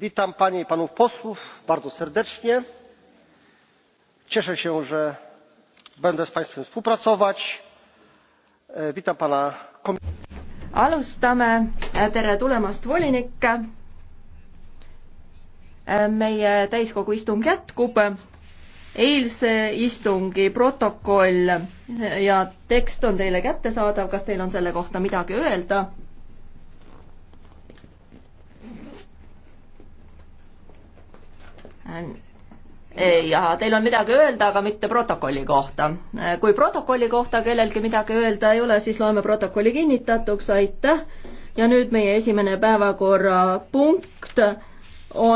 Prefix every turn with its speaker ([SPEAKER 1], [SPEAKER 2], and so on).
[SPEAKER 1] witam panie i panów posłów bardzo serdecznie. cieszę się że będę z państwem współpracować. E, witam pana alustame
[SPEAKER 2] e, tere tulemast
[SPEAKER 3] volinik e, meie täiskogu istung jätkub eilse istungi protokoll ja tekst on teile kättesaadav kas teil on selle kohta midagi öelda?
[SPEAKER 4] ja teil on midagi öelda, aga mitte protokolli kohta. kui protokolli
[SPEAKER 3] kohta kellelgi midagi öelda ei ole, siis loeme protokolli kinnitatuks, aitäh. ja nüüd meie esimene päevakorrapunkt on